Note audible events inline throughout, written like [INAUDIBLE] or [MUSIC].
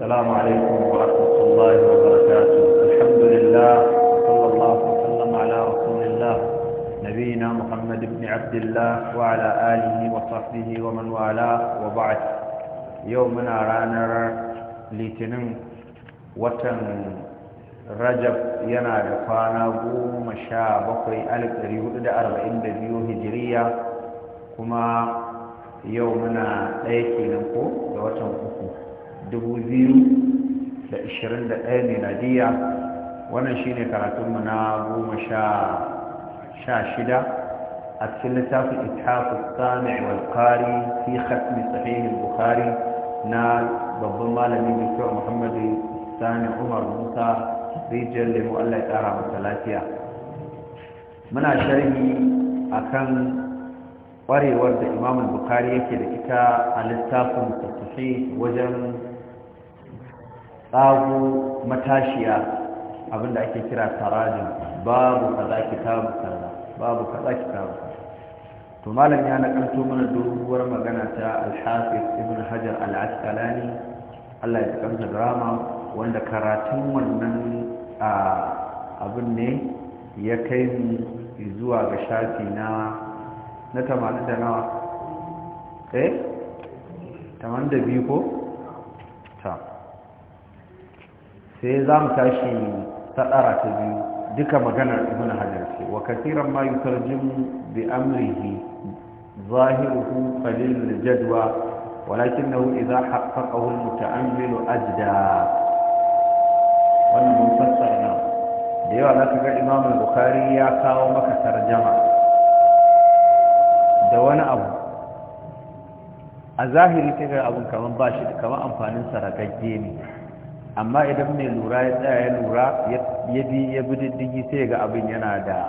السلام عليكم ورحمة الله وبركاته الحمد لله وصلى الله وسلم على رسول الله نبينا محمد بن عبد الله وعلى آله وصحبه ومن والاه وبعد يومنا رانر لتنم وتن rajab yana da kwana goma sha bakwai alif ɗari hudu da arba'in da biyu hijiriya kuma yau muna ɗaya kenan ko da watan uku 2021 miladiya wannan shine karatunmu na goma sha shida a cikin littafin ithafu sami wal fi khatmi sahih na babban malami Dr. Muhammad Sani Umar Musa rijal limu Allah ya tsara masa lafiya muna sharhi akan ƙwarewar da Imam bukari yake da ita a littafin sahih wajen tsago matashiya abinda ake kira tarajin babu kaza kitabu kaza babu kaza kitabu to malam ya nakalto mana doguwar magana ta al-hafiz ibn hajar al-asqalani Allah ya tsakamta drama wanda karatun wannan abin ne ya kai mu zuwa ga shafi na na 80 da nawa eh biyu ko sai za mu tashi ta ɗara ta biyu duka maganar ibn hajar ce wa kasiran ma yutarjim bi amrihi zahiruhu qalil jadwa walakinahu idha haqqaqahu al-muta'ammil ajda wannan mun fassara nan da yawa zaka ga imam al-bukhari ya kawo maka tarjama da wani abu a zahiri ta ga abun kaman ba shi kaman amfanin sarakagge ne amma idan mai lura ya tsaya ya lura ya bi ya bi diddigi sai ga abin yana da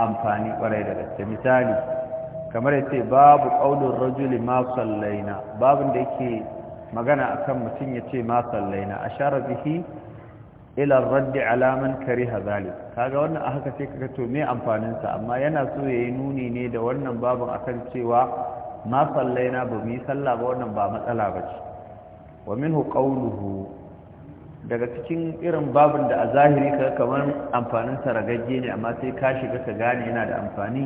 amfani kwarai da gaske misali kamar ya ce babu ƙaunin rajuli ma sallaina babin da yake magana akan mutum ya ce ma sallaina a shara bihi ilar raddi alaman kari hazali kaga wannan a haka sai kaga to me amfaninsa amma yana so ya yi nuni ne da wannan babin akan cewa ma sallaina ba mu yi sallah ba wannan ba matsala ba ce wa minhu qawluhu daga cikin irin babin da a zahiri ka kamar amfanin saragagge ne amma sai ka shiga ka gane yana da amfani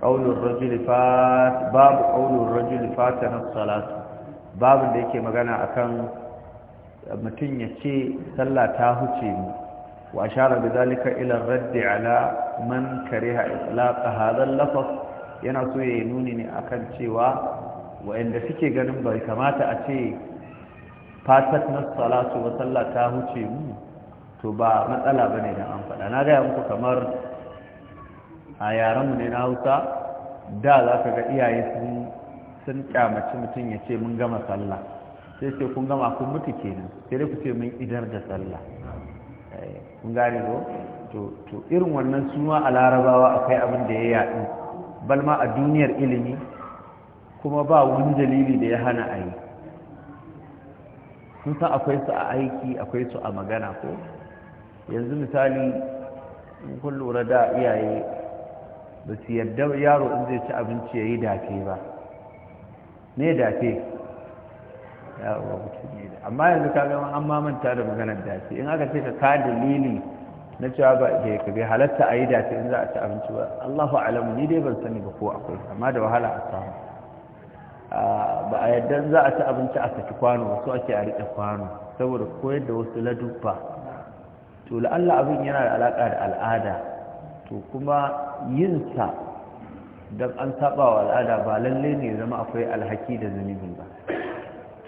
qaulur rajuli babu qaulur rajuli fatana salatu babin da yake magana akan mutum ya ce sallah ta huce mu wa ashara bidhalika ila ar-radd ala man kariha itlaq hadha al lafas yana so ya nuni ne akan cewa wayanda suke ganin bai kamata a ce fatat na salatu wa sallah ta huce mu to ba matsala ba ne da an faɗa na gaya muku kamar a yarenmu ne na hausa da za ka ga iyaye sun kyamaci mutum ya ce mun gama sallah sai ce kun gama kun mutu kenan sai dai ku ce mun idar da sallah eh, kun gane ko to irin wannan suma a larabawa akwai abin da ya yaɗu balma a duniyar ilimi kuma ba wani dalili da ya hana a yi kun san akwai su a aiki akwai su a magana ko yanzu misali kun lura da iyaye ba su yadda yaro in zai ci abinci ya yi dafe ba ne dafe amma yanzu ka gama an mamanta da maganar dafe in aka ce ka ka dalili na cewa ba ke eh, kabe halatta a yi dafe in za a ci abinci ba allahu alamu ni dai ban sani ba ko akwai amma da wahala a samu ba a yadda za a ci abinci a saki kwano su ake a riƙe kwano saboda koyar da wasu ladubba to la'alla abin yana da alaƙa da al'ada to kuma yin sa don an saba wa al'ada ba lalle ne zama akwai alhaki da zunubin ba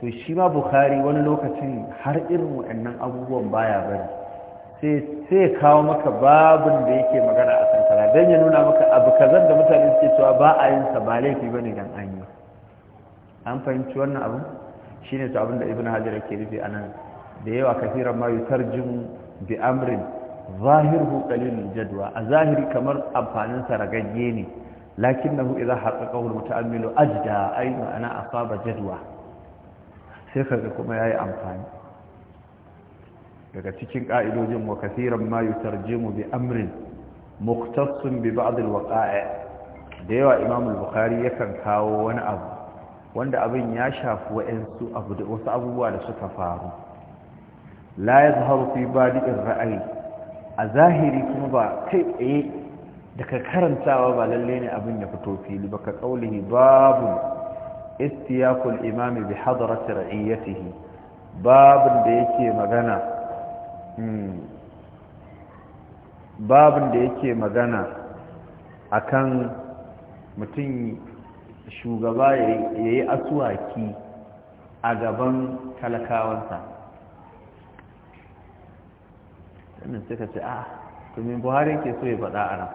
to shi ma bukhari wani lokacin har irin waɗannan abubuwan baya bari sai kawo maka babin da yake magana a kan don ya nuna maka abu kazar da mutane suke cewa ba a yin sa ba laifi bane dan an yi an fahimci wannan abin shi ne abin da ibn hajjar ke rufe a nan da yawa kafiran ma yutarjim bi amrin zahir qalilul jadwa a zahiri kamar amfanin sa ragagge ne lakinnahu idza haqqaqahu almutaammilu ajda ay ma'ana asaba jadwa sai kaga kuma ya yi amfani daga cikin ka'idojin wa kafiran ma yutarjimu bi amrin muqtasim bi ba'd alwaqa'i da yawa imam al yakan kawo wani abu wanda abin ya shafi wa'ansu abu da wasu abubuwa da suka faru la yazharu fi badi'ir ra'ayi a zahiri kuma ba kai tsaye daga karantawa ba lalle ne abin ya fito fili ba ka kaulihi babu istiyakul imami bi hadrati ra'iyatihi babin da yake magana hmm, babin da yake magana akan mutum shugaba ya yi asuwaki a gaban talakawansa sannan suka ce a ah, domin buhari ke so ya faɗa a nan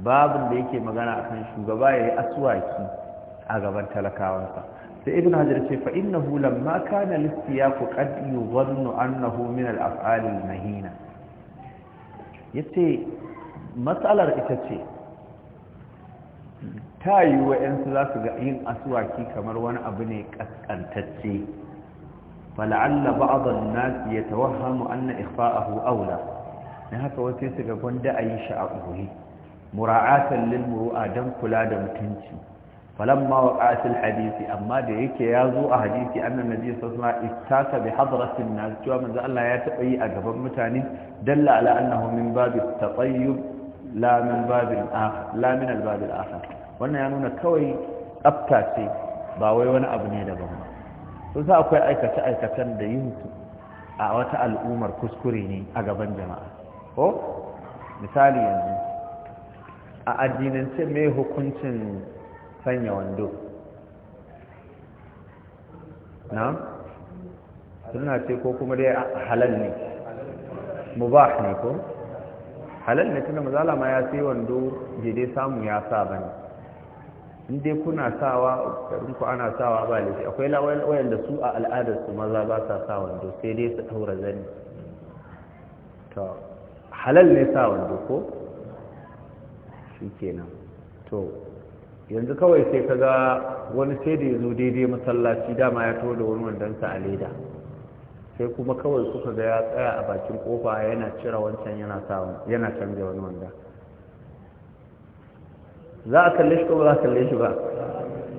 babin da yake magana a kan shugaba ya yi asuwaki a gaban talakawansa sai ibn hajar ce fa innahu lamma kana ku qad yuzannu annahu min al-af'al na hina? yace matsalar ita ce ta yi wa'yansu za su ga yin asuwaki kamar wani abu ne ƙasƙantacce fala'alla ba'adun nasi ya tawahamu anna a aula na haka wasu su ga gwanda a yi shi a ƙuri mura'atan lil muru'a don kula da mutunci Falon mawa qatil hadisi amma da yake ya zo a hadisi annan nabi sallallahu alaihi wasallam bi hadratin nas cewa manzo Allah ya taɓa yi a gaban mutane dalla ala annahu min babi tatayyub Lamin babil akhar wannan ya nuna kawai tsafta ce ba wai wani abu ne daban ba sun sa akwai aikace aikacen da yin a wata al'ummar kuskure ne a gaban jama'a ko misali yanzu a addinance mai hukuncin sanya wando na suna ce ko kuma dai halal ne mubah ne ko halal ne tunda mazala ma ya sai wando je dai samu ya sa bane in dai kuna sawa garin ku ana sawa ba laifi akwai lawayan da su a al'adar su maza ba sa sa wando sai dai su taura zani to halal ne sa wando ko shikenan to yanzu kawai sai kaga wani sai da zo daidai masallaci dama ya to da wani wandonsa a leda sai kuma kawai kuka ga ya tsaya a bakin kofa yana cira wancan yana sawa yana canza wani wanda za a kalle shi ko ba za a kalle shi ba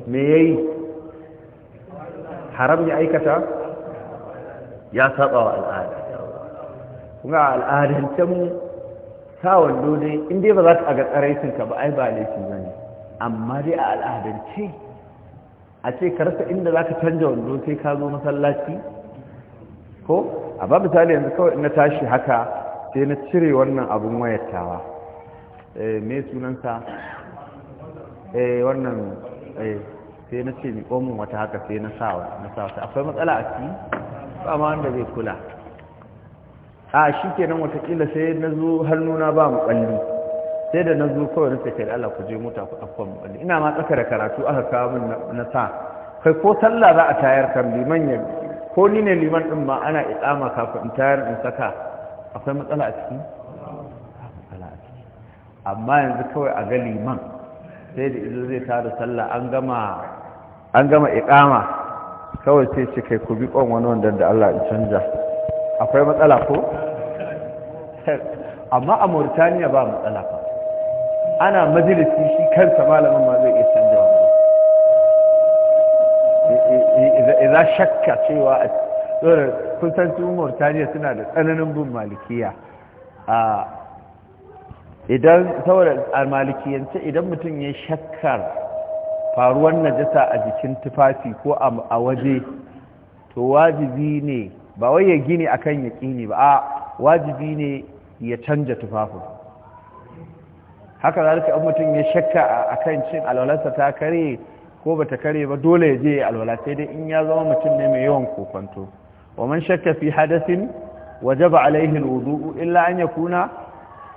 me yayi haram ya aikata ya saba wa al'ada kuma al'adance mu sa wando dai in dai ba za ka ga tsaraitin ka ba ai ba laifin bane amma dai a al'adance a ce karsa inda za ka canja wando sai ka zo masallaci ko a ba misali yanzu kawai na tashi haka sai na cire wannan abun wayattawa eh me sunansa eh wannan eh sai na ce ni min wata haka sai na sawa na sawa akwai matsala a ciki ba ma wanda zai kula a shi kenan watakila sai na zo hannuna ba mu ƙwalli sai da na zo kawai na da Allah ku je mota ku afkon mu ina ma tsaka da karatu aka kawo min na sa kai ko sallah za a tayar kan liman ya ko ni ne liman ɗin ma ana iƙama kafin in tayar in saka akwai matsala a ciki amma yanzu kawai a ga liman sai da izo zai tada sallah an gama an gama iƙama kawai sai ce kai ku bi ƙon wani wanda da Allah in canja akwai matsala ko amma a Mauritania ba matsala ba ana majalisi shi kansa malamin ma zai iya canja wani eh, eh. za shakka cewa kun san su suna da tsananin bin malikiya a idan saboda a malikiyance idan mutum ya shakkar faruwar najasa a jikin tufafi ko a waje to wajibi ne ba wai ya gini akan yaqini ba a wajibi ne ya canja tufafin haka zalika in mutum ya shakka a kan cin alwalarsa ta kare ko bata kare ba dole ya je ya alwala sai dai in ya zama mutum ne mai yawan kokonto wa man shakka fi hadathin wajaba alaihi alwudu illa an yakuna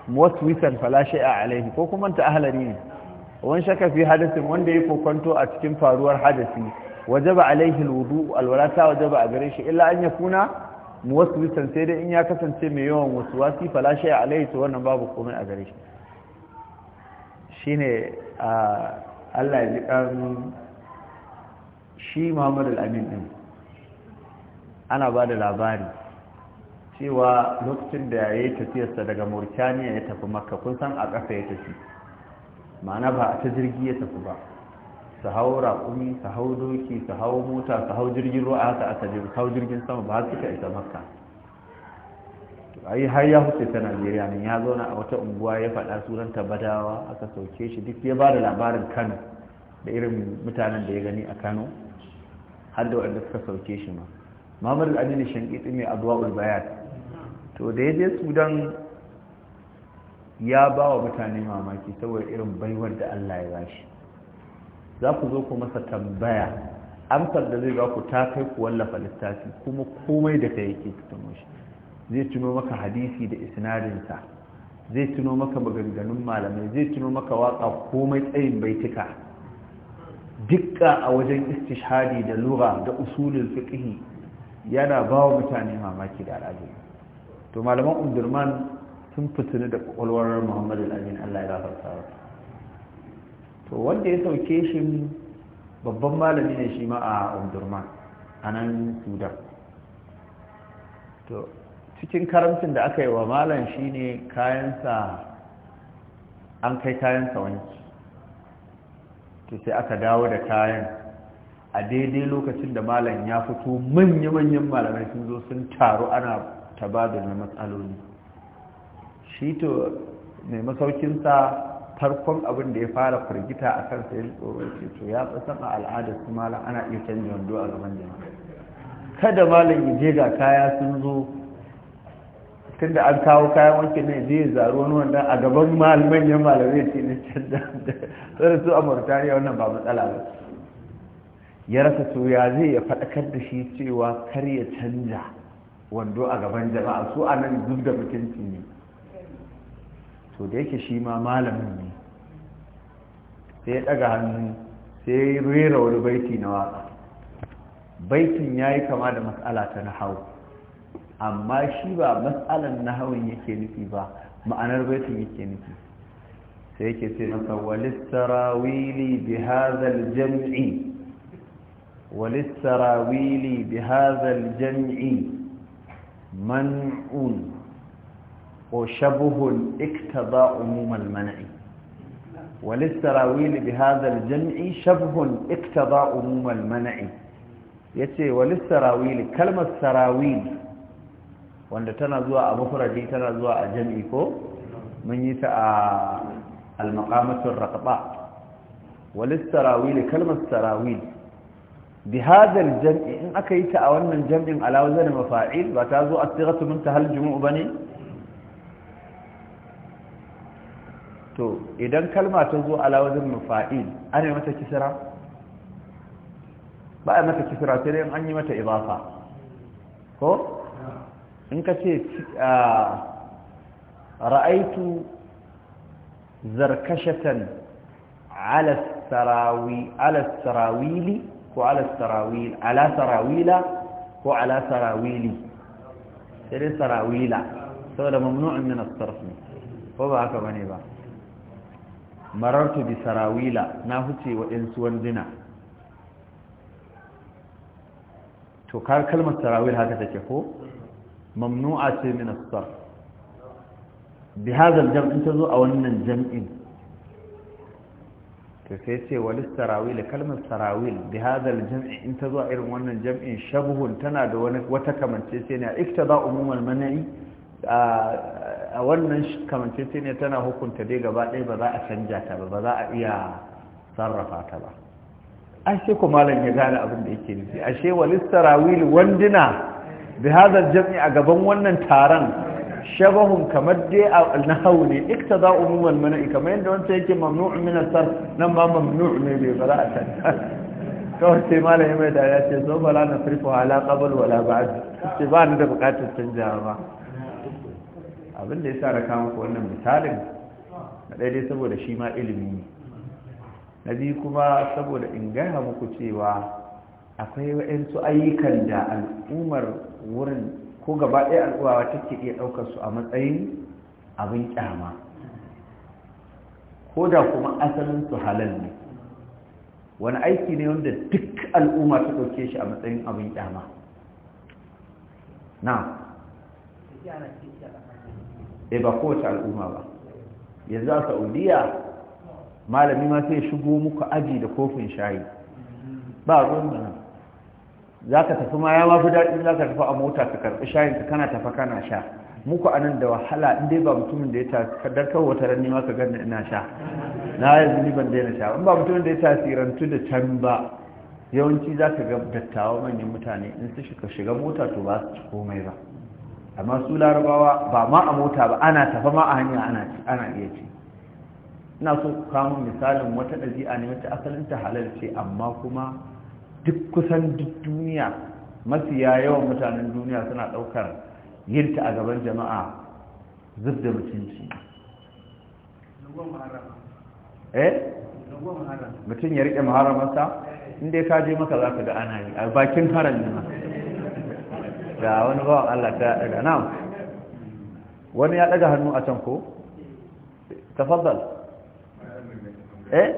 muwaswisan fala shay'a alaihi ko kuma ta ahlari ne wa man shakka fi hadathin wanda ya kokonto a cikin faruwar hadathi wajaba alaihi alwudu alwala ta wajaba a gare shi illa an yakuna muwaswisan sai dai in ya kasance mai yawan waswasi fala shay'a alaihi to wannan babu komai a gare shi shine a ah, allah ya ji ƙarni shi muhammad al'amin ɗin ana ba da labari cewa lokacin da ya yi tafiyarsa daga mauritaniya ya tafi maka, kun san a ƙasa ya tafi ma'ana ba a ta jirgi ya tafi ba su hau raƙumi su hau doki su hau mota su hau jirgin ruwa haka a su hau jirgin sama ba suka isa makka ai har ya huce ta najeriya ne ya zauna a wata unguwa ya faɗa sunan badawa aka sauke shi duk ya ba da labarin kano da irin mutanen da ya gani a kano har da waɗanda suka sauke shi ma mamar aminu shankiti mai abuwa ulbayat to da ya je sudan ya ba wa mutane mamaki saboda irin baiwar da allah ya ba shi za ku zo ku masa tambaya amsar da zai ba ku ta kai ku wallafa littafi kuma komai da ka yake fito shi zai tuno maka hadisi da isnadinsa zai tuno maka maganganun malamai zai tuno maka waka komai tsayin baitika dukka a wajen istishhadi da lura da usulin fiqh yana ba wa mutane mamaki da al'adu to malaman umdurman sun fitini da kwakwalwar muhammadu al'adun allah ya wasu to wanda ya sauke shi babban malami ne shi ma a umdurman a nan sudan to cikin karamcin da aka yi wa malam shine kayansa an kai kayansa wanki to sai aka dawo da kayan a daidai lokacin da malam ya fito manya-manyan malamai sun zo sun taru ana tabadar na matsaloli shi to mai masaukinsa farkon abin da ya fara firgita a kan sai tsoro ce to ya tsasan a al'adar su malam ana iya canja wando a gaban jama'a kada malam ya je ga kaya sun zo da an kawo kayan wanke ne zai zaru wani wanda a gaban manyan malamai ce ne can da su a mauritaniya wannan ba matsala ba ya rasa suya ya zai ya faɗakar da shi cewa kar ya canja wando a gaban jama'a su a nan zub da mutunci ne to da yake shi ma malamin ne sai ya ɗaga hannu sai ya rera wani baiti na waka baitin ya yi kama da matsala ta na hau amma shi ba matsalan nahawin yake nufi ba ma'anar baitin yake nufi sai yake ce masa walistarawili bi hazal jam'i walistarawili bi hazal jam'i man'un ko shabuhun iktaba umumal man'i walistarawili bi hazal jam'i shabuhun iktaba umumal man'i yace walistarawili kalmar sarawili wanda tana zuwa a mufradi tana zuwa a jami'i ko mun yi ta a al-maqamatur raqaba wal tarawil kalmar tarawil bi hadha al-jam'i in aka yi ta a wannan jam'in ala wazan mafa'il ba ta zo as-sighatu muntahal ba bane to idan kalma ta zo alawazan wazan an ana mata kisra ba a mata kisra sai dai an yi mata idafa ko in ka ce ah, ra'aitu zarkashatan ala sarawili ko ala sarawil ala sarawila ko ala sarawili sai dai sarawila saboda mamnu'un min as-sarf ko ba haka bane ba marartu bi sarawila na huce wa ɗin to kar kalmar sarawil haka take ko mamnu'a ce min as-sarf bi tazo a wannan jam'in to sai ce walis kalmar tarawil bi hadha al tazo a irin wannan jam'in shabuhun tana da wani wata kamance a wannan kamance sai ne tana hukunta dai gaba ɗaya ba za a canja ta ba ba za a iya sarrafa ta ba ashe ku malam ya gane abin da yake nufi ashe walis tarawil wandina bi jam'i a gaban wannan taron shabahun kamar dai a nahwu ne iktada umumul mana'i kamar yadda wancan yake mamnu' min asar nan ma mamnu' ne a can kawai sai malami mai da ya ce zo bala na firfa ala kabal wala ba'd ce ba ni da bukatar canjawa ba abin da sa na kama ko wannan misalin na daidai saboda shi ma ilimi ne na biyu kuma saboda in gaya muku cewa akwai waɗansu ayyukan da al'ummar wurin ko gaba ɗaya al'uwawa take iya ɗaukar su a matsayin abin ƙyama ko da kuma asalin su halal ne wani aiki ne wanda duk al'umma ta ɗauke shi a matsayin abin ƙyama na e eh, ba kowace al'umma ba yanzu a saudiya malami ma sai shigo muku aji da kofin shayi ba ruwan nan za ka tafi ma ya mafi daɗi za ka tafi a mota ka karɓi shayin ka kana tafa kana sha muku a nan da wahala in dai ba mutumin da ya kadar kawo wata ranni ma ka gani ina sha na yanzu ni ban daina sha in ba mutumin da ya tasirantu da can ba yawanci za ka ga dattawa manyan mutane in su shiga shiga mota to ba su ci komai ba amma su larabawa ba ma a mota ba ana tafa ma a hanya ana iya ci ina so ku kawo misalin wata ɗabi'a ne wacce asalin ta halal ce amma kuma duk kusan duk duniya mafiya yawan mutanen duniya suna ɗaukar yinta a gaban jama'a zub da mutunci eh? mutum ya riƙe maharamarsa inda ya kaje maka za ka ga ana yi a bakin haram ne da wani bawan Allah ta daga nan wani ya daga hannu a can ko tafaddal eh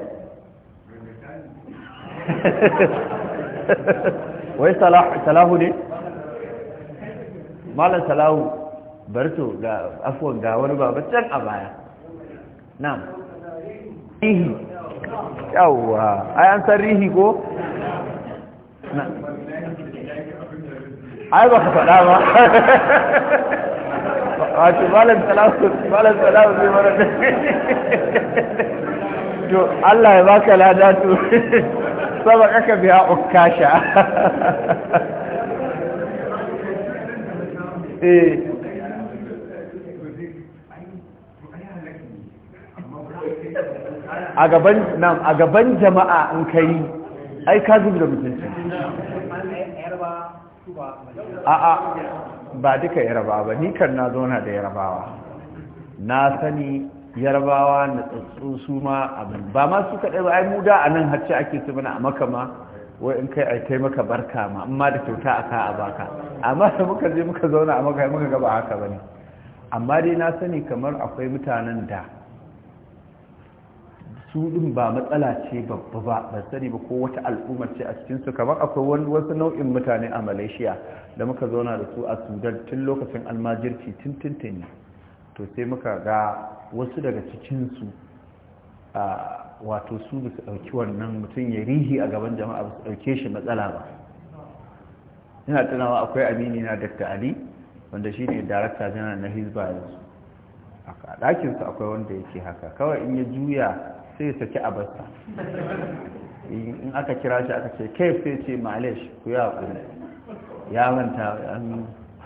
[LAUGHS] wai salahu ne malam salahu barto ga afuwan ga wani babaccen a baya nan rihi yawwa ai an san rihi ko ai ba ka faɗa ba wato [LAUGHS] malam salahu malam salahu zai mara da [LAUGHS] to Allah ya baka lada to sabaqaka aka biya okasha a gaban a gaban jama'a in kai ai ka zubi da mutunci a'a ba duka yaraba ba ni kan na zauna da yarabawa na sani yarbawa na tsatsu ma abin ba ma su kaɗai ba ai mu da a nan hacci ake su mana a maka ma wai in kai aikai maka barka ma amma da kyauta a ka a baka amma da muka je muka zauna a maka muka gaba haka bane amma dai na sani kamar akwai mutanen da su din ba matsala ce babba ba ba sani ba ko wata al'ummar ce a cikin su kamar akwai wasu nau'in mutane a Malaysia da muka zauna da su a Sudan tun lokacin almajirci tun tuntuni to sai muka ga wasu daga cikinsu wato su bisa ɗauki wannan mutum ya rihi a gaban jama'a su ɗauke shi matsala ba ina tunawa akwai amini na dr ali wanda shi ne darakta janar na hizba yanzu a ɗakinsu akwai wanda yake haka kawai in ya juya sai ya saki abasta in aka kira shi aka ce kai sai ce malish ku yi haƙuri ya manta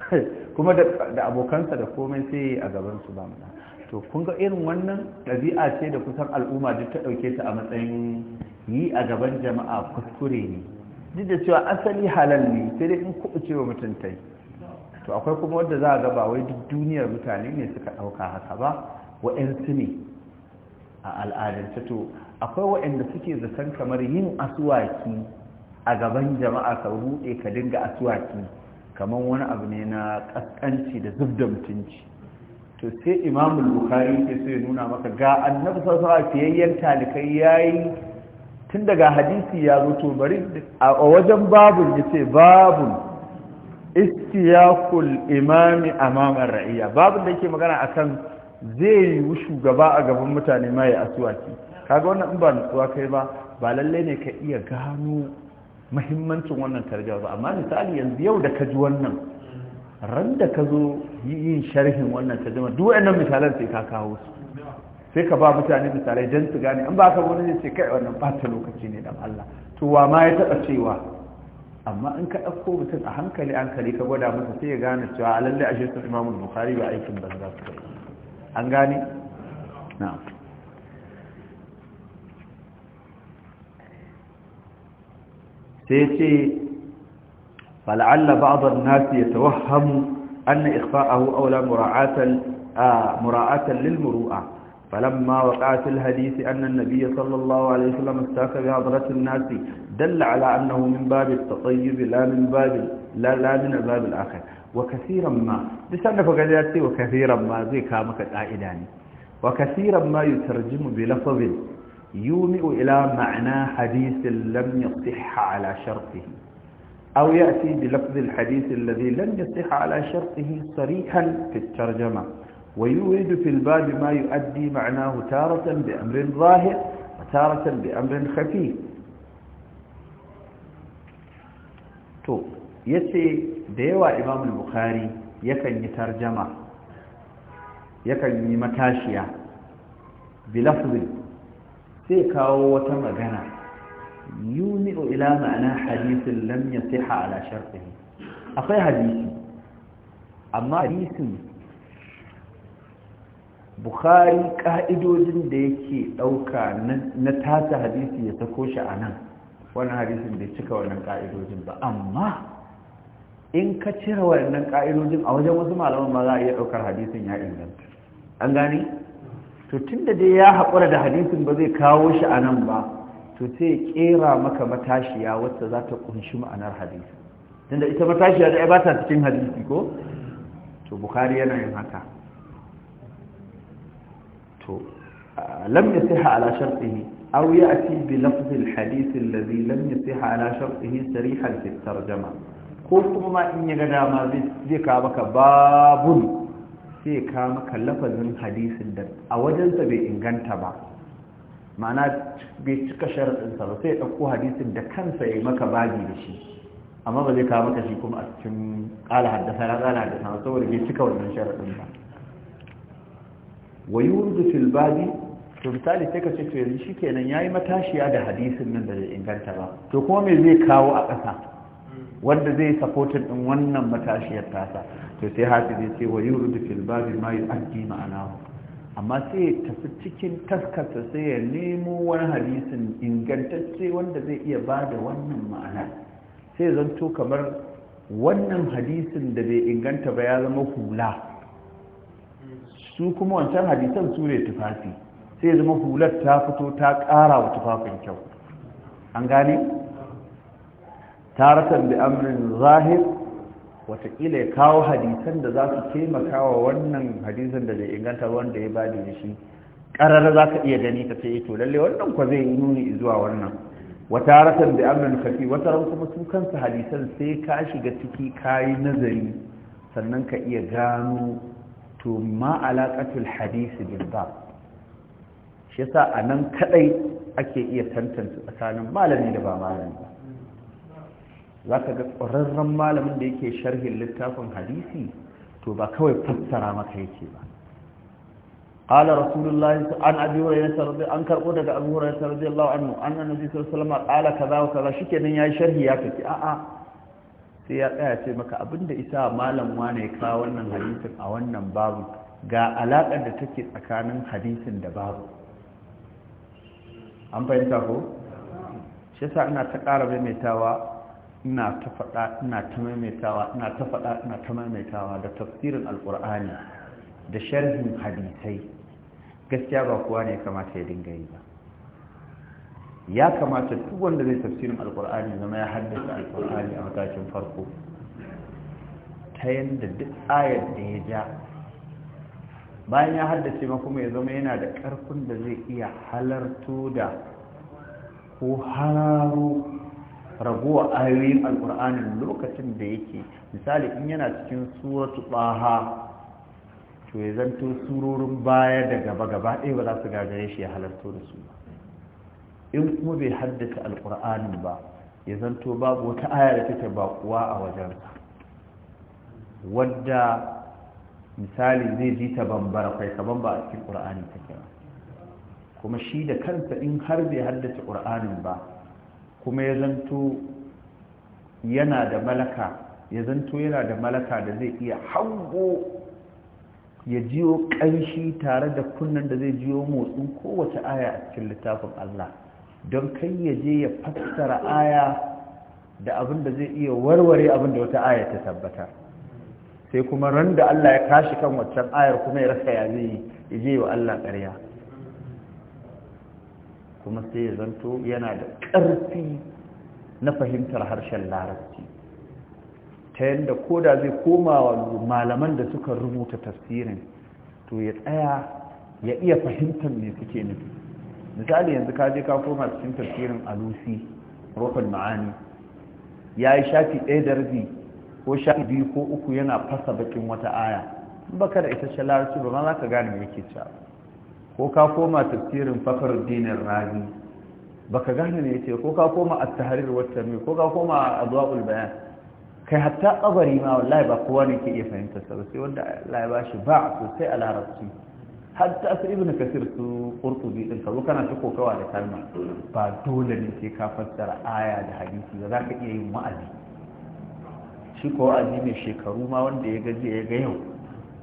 [LAUGHS] kuma da abokansa da komai sai a gabansu ba mu to kun ga irin wannan ɗabi'a ce da kusan al'umma duk ta ɗauke ta a matsayin yi a gaban jama'a kuskure ne duk da cewa asali halal ne sai dai in kuɓuce wa mutuntai to akwai kuma wadda za a gaba wai duk duniyar mutane ne suka ɗauka haka ba wa'yansu ne a al'adance to akwai wa'yanda suke zaton kamar yin asuwaki a gaban jama'a ka buɗe ka dinga asuwaki kamar wani abu ne na ƙasƙanci da zub da mutunci to sai imamul bukhari ke so ya nuna maka ga annabi sallallahu alaihi wasallam fiyayyen talikai yayi tun daga hadisi ya zo to bari a wajen babun yace babun istiyaqul imami amama ra'iya babun da yake magana akan zai yi shugaba a gaban mutane mai asuwaki kaga wannan in ba nutsuwa kai ba ba lalle ne ka iya gano muhimmancin wannan tarjuma ba amma misali yanzu yau da ka ji wannan ran da ka zo yin sharhin wannan tarjuma duk wayannan misalan sai ka kawo su sai ka ba mutane misalai dan su gane in ba ka wani ne sai kai wannan bata lokaci ne dan Allah to wa ma ya taba cewa amma in ka dauko mutum a hankali hankali ka gwada masa sai ya gane cewa lalle a shi Imam Bukhari ba aikin banza su kai an gane na'am sai ce fal'alla ba'dhan nas yatawahhamu أن إخفاءه أولى مراعاة آه، مراعاة للمروءة فلما وقع في الحديث أن النبي صلى الله عليه وسلم استاك بحضرة الناس دل على أنه من باب التطيب لا من باب لا, لا من الباب الآخر وكثيرا ما بسنة فقداتي وكثيرا ما زي كامك الآئداني وكثيرا ما يترجم بلفظ يومئ إلى معنى حديث لم يصح على شرطه أو يأتي بلفظ الحديث الذي لم يصح على شرطه صريحا في الترجمة ويورد في الباب ما يؤدي معناه تارة بأمر ظاهر وتارة بأمر خفي تو يسي ديوى إمام البخاري يكن يترجمة يكن يمتاشية بلفظ yakan yi yuni'u ila ma'ana hadisin lam yasiha ala shartihi akwai hadisi amma hadisin bukhari ka'idojin da yake dauka na tasa hadisi ya sako shi anan nan wannan hadisin bai cika wannan ka'idojin ba amma in ka cire wannan ka'idojin a wajen wasu malaman ma za a iya daukar hadisin ya inganta an gani to tunda dai ya haƙura da hadisin ba zai kawo shi anan ba to sai kera maka matashiya wacce za ta kunshi ma'anar hadisi tunda ita matashiya da ya ba ta cikin hadisi ko to bukari yana yin haka to lam yasiha ala shartihi aw ya'ti bi lafz al hadith alladhi lam yasiha ala shartihi sarihan fi tarjuma ko kuma ma in yaga dama zai ka maka babun sai ka maka lafazin hadisin da a wajensa bai inganta ba ma'ana bai cika sharaɗinsa ba sai ya ɗauko hadisin da kansa ya maka babi da shi amma ba zai kawo maka shi kuma a cikin ƙala haddasa na ƙala haddasa na saboda bai cika wannan sharaɗin ba wa yi da fil to misali sai ka ce to yanzu shikenan yi matashiya da hadisin nan da zai inganta ba to kuma me zai kawo a ƙasa wanda zai supportin din wannan matashiyar tasa to sai hafi zai ce wa yurdu fil babi ma yu'addi ma'anahu amma sai ya tafi cikin taskasa sai ya nemo wani hadisin ingantacce wanda zai iya ba da wannan ma'ana sai zanto kamar wannan hadisin da bai inganta ba ya zama hula su kuma wancan hadisan su ne tufafi sai zama hular ta fito ta kara wa tufafin kyau an gane taratan da amrin zahir watakila ya kawo hadisan da za su taimaka wa wannan hadisan da zai inganta wanda ya bada da shi ƙarar za ka iya gani ka ce eh, to lalle wannan kwa zai nuni zuwa wannan wata rakan da amnan kafi wata ran kuma su kansa hadisan sai ka shiga ciki ka yi nazari sannan ka iya gano to ma alaƙatul hadisi bin ba shi yasa a nan kaɗai ake iya tantance tsakanin malami da ba malami ba za ka ga ƙwararren malamin da yake sharhin littafin hadisi to ba kawai fassara maka yake ba قال رسول الله عن ابي هريره رضي الله عنه كربو daga abu hurairah radiyallahu anhu anna nabi sallallahu alaihi wasallam qala kaza wa kaza shikenan yayi sharhi ya kace a a sai ya tsaya ce maka abinda isa malam wane ya kawo wannan hadisin a wannan babu ga alakar da take tsakanin hadisin da babu an fahimta ko shi yasa ina ta ƙara maimaitawa ina ta faɗa ina ta maimaitawa da tafsirin alƙur'ani da sharhin hadisai gaskiya ba kowa ne kamata ya dinga yi ba ya kamata duk wanda zai tafsirin alƙur'ani zama ya haddasa alƙur'ani a matakin farko ta yadda duk ayar da ya ja bayan ya haddace ma kuma ya zama yana da ƙarfin da zai iya halarto da ko haro raguwa ayoyin alkur'ani lokacin da yake misali in yana cikin suratu baha to ya zanto surorin baya da gaba gaba ɗaya ba za su gagare shi ya halarto da su in kuma bai haddasa alkur'anin ba ya zanto babu wata aya da take bakuwa a wajen wadda misali zai ji ta bambara kai ka ba a cikin ƙur'ani take kuma shi da kansa in har bai haddace ƙur'anin ba kuma ya zanto yana da malaka ya zanto yana da malaka da zai iya hango ya jiyo ƙanshi tare da kunnan da zai jiyo motsin kowace aya a cikin littafin Allah don kai ya je ya fassara aya da abin da zai iya warware abin da wata aya ta tabbata sai kuma ran da Allah ya kashi kan waccan ayar kuma ya rasa ya zai yi ya je wa Allah ƙarya kuma sai ya zanto yana da ƙarfi na fahimtar harshen larabci ta yadda da zai koma wa malaman da suka rubuta tafsirin to ya tsaya ya iya fahimtar me suke nufi misali yanzu ka je ka koma cikin tafsirin alusi rufin ma'ani ya yi shafi ɗaya da rabi ko shafi biyu ko uku yana fasa bakin wata aya baka da ita shalarci ba ma za ka gane me yake cewa ko ka koma tafsirin fakar dinin razi baka gane ne ce ko ka koma a tahrir wata mai ko ka koma adwaul bayan kai hatta qabari ma wallahi ba kowa ne ke iya fahimtar sa sai wanda Allah ya bashi ba sosai a larabci hatta su ibnu kasir su qurtubi din ka kana ta kokawa da kalma ba dole ne sai ka fassara aya da hadisi ba za ka iya yin wa'azi shi ko wa'azi mai shekaru ma wanda ya gaji ya ga yau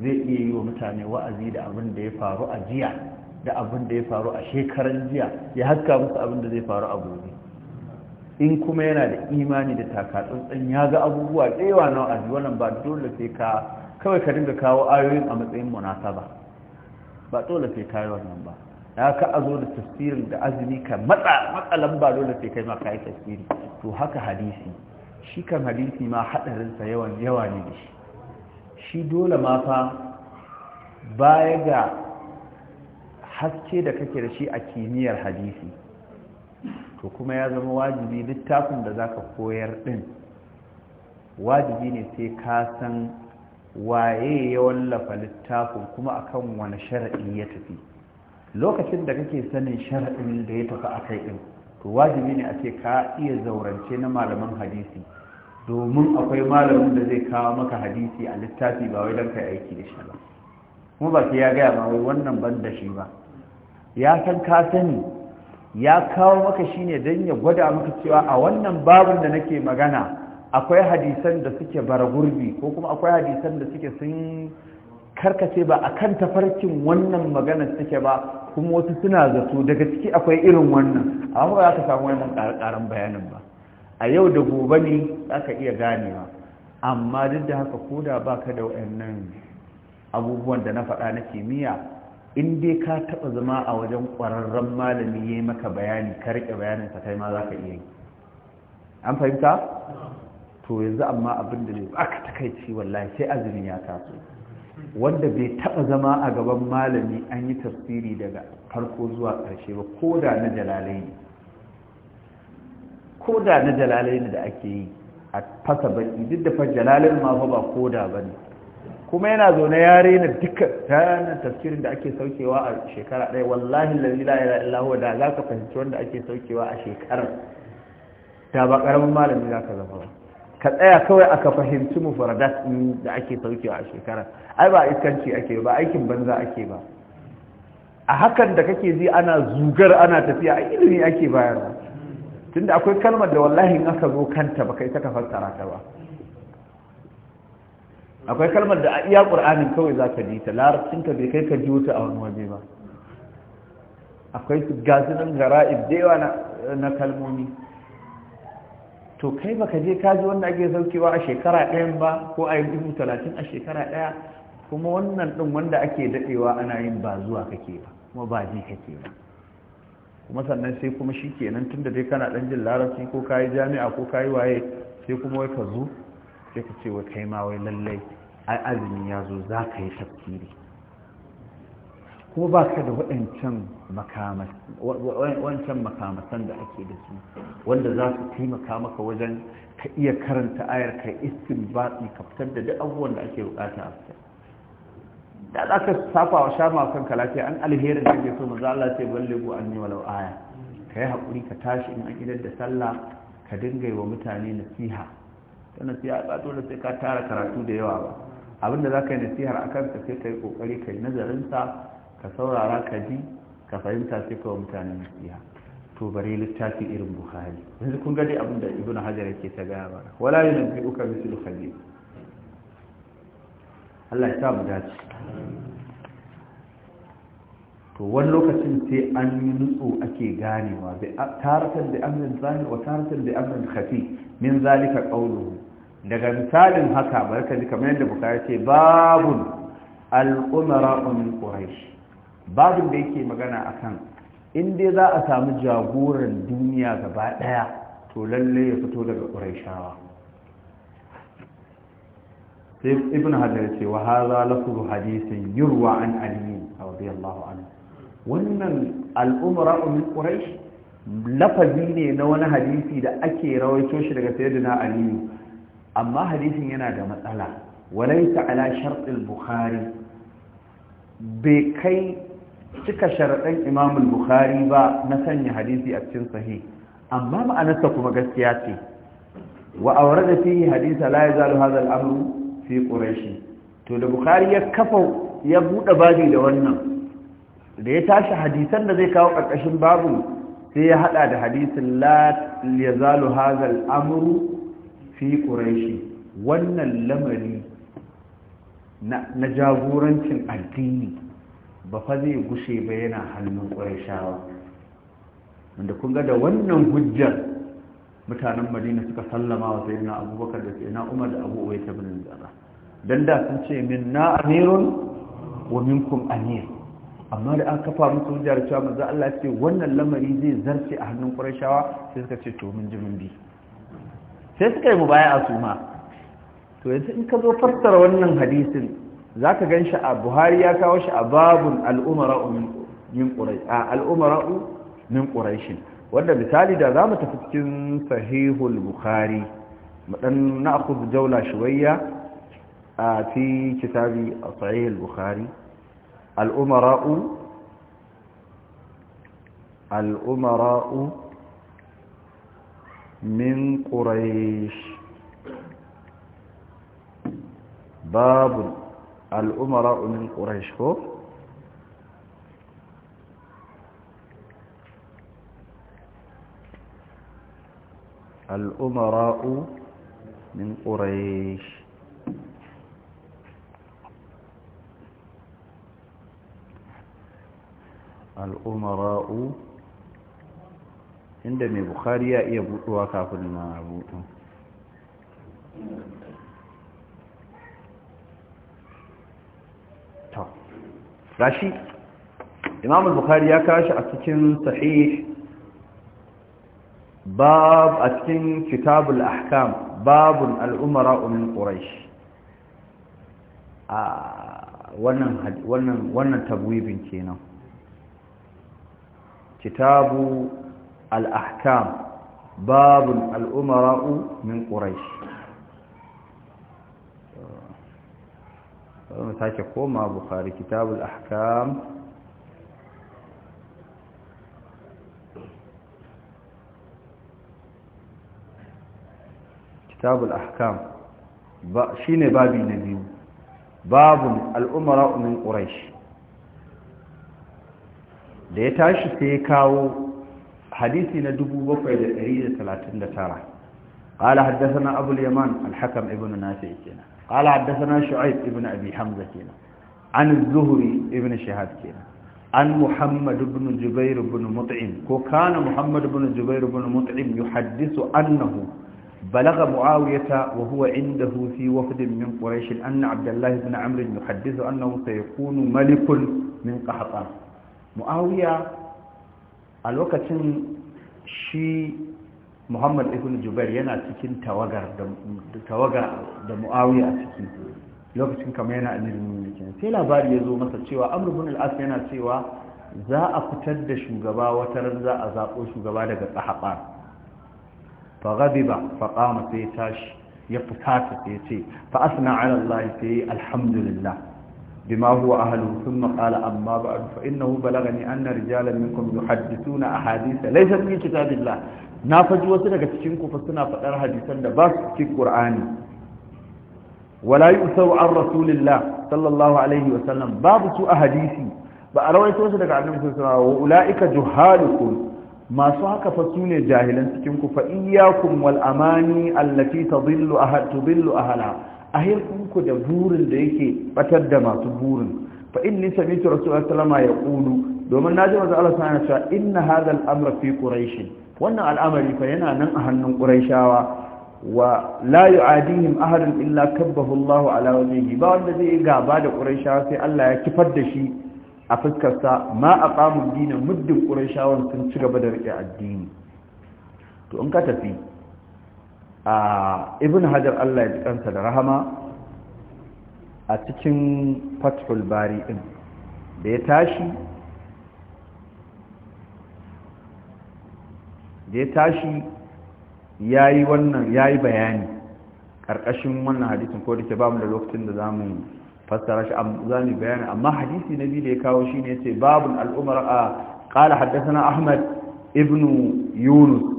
zai iya yi wa mutane wa'azi da abin da ya faru a jiya da abin da ya faru a shekaran jiya ya haska musu abin da zai faru a gobe in kuma yana da imani da takatsantsan ya ga abubuwa tsewa na wa'azi wannan ba dole sai ka kawai ka dinga kawo ayoyin a matsayin munasaba ba dole sai ka yi wannan ba ya ka a zo da tafsirin da azumi ka matsalan ba dole sai kai ma ka yi tafsiri to haka hadisi shi kan hadisi ma haɗarinsa yawan yawa ne da shi shi dole ma fa baya ga haske da kake da shi a kimiyyar hadisi to kuma ya zama wajibi littafin da za ka koyar ɗin wajibi ne sai ka san waye ya wallafa littafin kuma akan wani shara'i ya tafi lokacin da kake sanin shara'in da ya tafi a kai ɗin to wajibi ne a ce ka iya zaurance na malaman hadisi domin akwai malamin da zai kawo maka hadisi a littafi ba wai don kai aiki da shi ba kuma ba sai ya gaya ba wai wannan ban da shi ba ya san ka sani ya kawo maka shi ne don ya gwada maka cewa a wannan babun da nake magana akwai hadisan da suke bara gurbi ko kuma akwai hadisan da suke sun karkace ba a kan tafarkin wannan maganar suke ba kuma wasu suna zato daga ciki akwai irin wannan amma ba za ka samu wannan ƙarƙaran bayanin ba a yau da gobe ne za ka iya ganewa amma duk da haka koda ba ka da wayannan abubuwan da na faɗa na kimiyya in dai ka taɓa zama a wajen ƙwararren malami ya yi maka bayani ka riƙe bayanin ka kai ma za ka iya yi an fahimta to yanzu amma abin da ne aka takaici wallahi sai azumi ya taso wanda bai taɓa zama a gaban malami an yi tafsiri daga farko zuwa ƙarshe ba ko da na jalalai ne ko da na jalalai ne da ake yi a fasa baki duk da fa jalalai ma fa ba koda ba ne kuma yana zaune ya rena dukkan ranar tafsirin da ake saukewa a shekara ɗaya wallahi lalila ya lallahu da za ka fahimci wanda ake saukewa a shekarar da ba ƙaramin malami za ka zama ba ka tsaya kawai aka fahimci mufaradat da ake saukewa a shekarar ai ba iskanci ake ba aikin banza ake ba a hakan da kake ji ana zugar ana tafiya a ilimi ake bayarwa tunda akwai kalmar da wallahi in aka zo kanta baka ita ka fassara ta ba akwai kalmar da a iya ƙur'anin kawai za ka ji ta larabcin ka bai kai ka ji wuta a wani waje ba akwai su gasu nan gara da na kalmomi to kai baka je ka ji wanda ake saukewa a shekara ɗayan ba ko a yi dubu talatin a shekara ɗaya kuma wannan ɗin wanda ake daɗewa ana yin ba zuwa kake ba kuma ba ji kake ba kuma sannan sai kuma shi kenan tun da dai kana ɗan jin larabci ko ka yi jami'a ko ka yi waye sai kuma wai ka zo sai ka ce wa kai ma wai lallai ai azumi ya zo za ka yi tafsiri ko ba ka da waɗancan makamasan da ake da su wanda za su taimaka maka wajen ka iya karanta ayar ka iskin batsi ka fitar da duk abubuwan da ake bukata a fitar da za ka safa wa sha masu kan lafiya an alherin da ke so maza Allah ce ballego an yi walau aya ka yi haƙuri ka tashi in an idar da sallah ka dinga yi wa mutane nasiha ta nasiha ba dole sai ka tara karatu da yawa ba abinda za ka yi nasihar a kansa sai ka yi ƙoƙari ka yi nazarinsa ka saurara ka ji ka fahimta sai ka wa mutane nasiha to bari littafi irin buhari yanzu kun ga dai abin da ibnu hajar yake ta gaya ba wala yunabbi uka mislu khabir Allah ya sa mu dace to wani lokacin sai an yi nutsu ake ganewa bi taratan bi amrin zahir wa taratan da amrin khafi min zalika qawluhu daga misalin haka barka ji kamar yadda bukari ce babun al'umara umin quraish babun da yake magana akan in dai za a samu jagoran duniya gaba ɗaya, to lalle ya fito daga quraishawa sai ibn hajar ce wa hadha lafzu hadisin yurwa an ali radiyallahu anhu wannan al'umara umin quraish lafazi ne na wani hadisi da ake rawaito shi daga sayyidina aliyu amma hadisin yana da matsala walaita ala sharɗin bukhari bai kai cika sharaɗin imamul bukhari ba na sanya hadisi a cikin sahih amma ma'anarsa kuma gaskiya ce wa aure da fiye hadisa la ya zalu hazal amru fi ƙureshi to da bukhari ya kafa ya buɗe babi da wannan da ya tashi hadisan da zai kawo ƙarƙashin babu sai ya haɗa da hadisin la ya zalu hazal amru fi ƙuraishi wannan lamari na jagorancin addini ba fa zai gushe ba yana hannun ƙuraishawa wanda kun ga da wannan hujjar mutanen madina suka sallama wa sai na abubakar da sai na umar da abu uwaita bin zara don da sun ce min na amirun wa minkum amir amma da aka kafa musu hujjar cewa manzo Allah ya ce wannan lamari zai zarce a hannun ƙuraishawa sai suka ce to mun ji mun bi sai suka yi mubaya'a su ma to yanzu in ka zo fassara wannan hadisin za ka gan shi a buhari ya kawo shi a babun al'umara'u min ƙuraishin wanda misali da za mu tafi cikin sahihul buhari maɗan na aku jaula shuwayya a fi kitabi a sahihul buhari al'umara'u al'umara'u من قريش باب الأمراء من قريش هو الأمراء من قريش الأمراء inda mai bukhari ya iya buɗuwa kafin na buɗu rashi imam bukhari ya kashi a cikin sahih bab a cikin kitabul ahkam babun al'umara umin quraish a wannan wannan wannan tabwibin kenan kitabu الأحكام باب الأمراء من قريش مساكي أه، قوم بخاري كتاب الأحكام كتاب الأحكام شين بابي نبي باب الأمراء من قريش ليتاش تيكاو hadisi na 739 قال حدثنا أبو اليمان الحكم ابن نافع كنا قال حدثنا شعيب ابن أبي حمزة كنا عن الزهري ابن شهاد كنا عن محمد بن جبير بن مطعم وكان محمد بن جبير بن مطعم يحدث أنه بلغ معاوية وهو عنده في وفد من قريش أن عبد الله بن عمرو يحدث أنه سيكون ملك من قحطان معاوية a lokacin shi muhammad ibn jubair yana cikin tawagar da mu'awi a ciki lokacin kama yana amirin mulkin sai labari ya zo masa cewa amurbin al'as yana cewa za a fitar da shugaba wata ran za a zaɓo shugaba daga tsahaɓar faghadiba faƙama sai ya tashi ya fusata sai ya ce fa'asna ala Allah sai alhamdulillah بما هو أهله ثم قال أما بعد فإنه بلغني أن رجالا منكم يحدثون أحاديث ليست من كتاب الله نافج وسنك تشنكو فسنا فقر حديثا بس في القرآن ولا يؤثر عن رسول الله صلى الله عليه وسلم باب سوء حديثي بأرويت وسنك عن النبي صلى الله عليه وسلم وأولئك جهالكم masu haka fa su ne jahilan cikinku fa iyyakum wal amani allati tadillu ahad tudillu ahla a hirkunku da burin da yake batar da masu burin fa inni sami'tu rasulullahi sallama ya qulu domin naji manzo Allah sallallahu alaihi wasallam inna hadha al-amra fi quraish wannan al'amari fa yana nan a hannun quraishawa wa la yu'adihim ahadun illa kabbahu Allahu ala ba wanda zai gaba da quraishawa sai Allah ya kifar da shi a fuskarsa ma a ƙamun dinan muddin quraishawan sun ci gaba da rike addini to in ka tafi a ibn hajar allah ya ji kansa da rahama a cikin fathul bari din da ya tashi da ya tashi ya yi wannan ya bayani ƙarƙashin wannan hadisin ko da ke ba mu da lokacin da za mu fassara shi za mu bayani amma hadisi na biyu da ya kawo shi ne ce babun al'umar a ƙala haddasa ahmad ibn yunus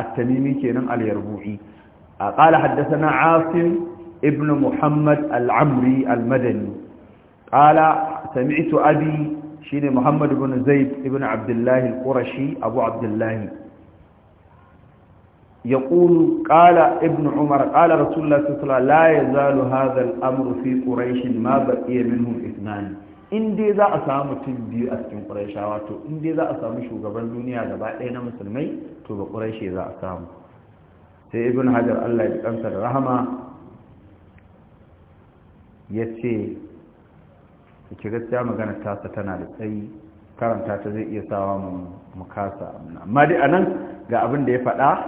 التميمي كينن اليربوعي قال حدثنا عاصم ابن محمد العمري المدني قال سمعت أبي شين محمد بن زيد ابن عبد الله القرشي أبو عبد الله يقول قال ابن عمر قال رسول الله صلى الله عليه وسلم لا يزال هذا الأمر في قريش ما بقي منهم اثنان in dai za a samu mutum biyu a cikin ƙurashawa to in dai za a samu shugaban duniya gaba ɗaya na musulmai to ba ƙuraishe za a samu sai ibn hajar allah ya kansa da rahama ya ce ki gaskiya magana tasa tana da tsayi karanta ta zai iya sawa mu kasa amma dai a nan ga abin da ya faɗa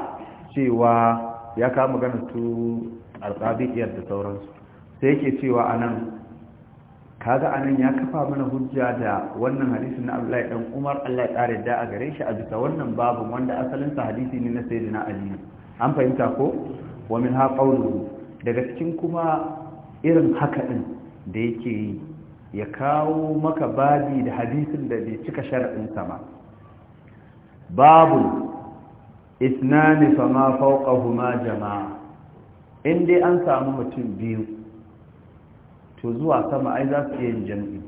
cewa ya kawo magana tu alƙabiyar da sauransu sai yake cewa a nan kaga anan ya kafa mana hujja da wannan hadisin na Abdullahi dan Umar Allah ya kare da a gare shi a bisa wannan babu wanda asalin sa hadisi ne na Sayyidina Ali an fahimta ko wa min ha qawluhu daga cikin kuma irin haka din da yake yi ya kawo maka babi da hadisin da bai cika shar'in sa ba babu isnani ma fawqahuma jama'a in dai an samu mutum biyu to zuwa sama ai za su iya yin jam'i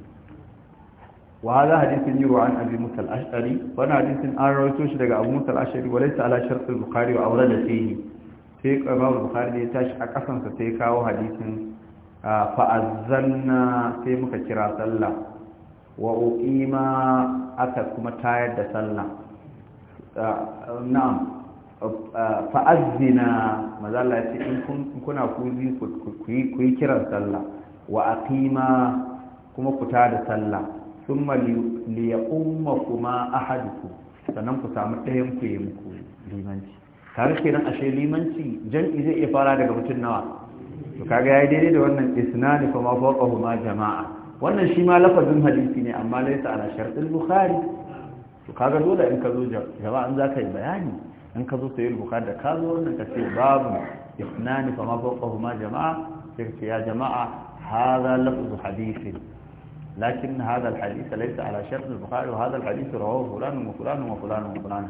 wa hadha hadithun yuru an abi musa al-ashari wa hadithun an rawaito shi daga abu musa al-ashari wa laysa ala shart al-bukhari wa awrada fihi sai imam al-bukhari ne tashi a kasan sa sai kawo hadithin fa azanna sai muka kira sallah wa uqima aka kuma tayar da sallah na'am fa'azzina mazala ce in kuna kuzi ku yi kiran sallah wa aqima kuma ku da sallah thumma li yaqummakuma ahadukum sannan ku samu ɗayan ku yi muku limanci tare kenan ashe limanci jan'i zai iya fara daga mutum nawa to kaga yayi daidai da wannan isnani kuma fawqahu ma jama'a wannan shi ma lafazin hadisi ne amma laysa ala shartil bukhari to kaga dole in ka zo jama'an za ka yi bayani in ka zo sayi bukhari da ka zo wannan ka ce babu isnani fa fawqahu ma jama'a sai ya jama'a هذا لفظ حديث لكن هذا الحديث ليس على شرط البخاري وهذا الحديث رواه فلان وفلان وفلان وفلان